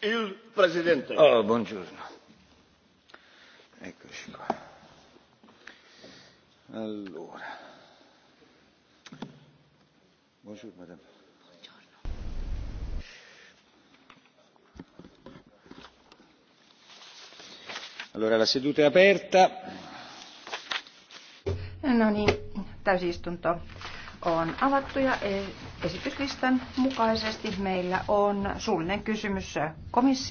il presidente oh, buongiorno eccoci qua allora buongiorno madame buongiorno allora la seduta è aperta no, no niin täysistunto on avattu ja e- esityslistan mukaisesti meillä on suullinen kysymys komissiolle.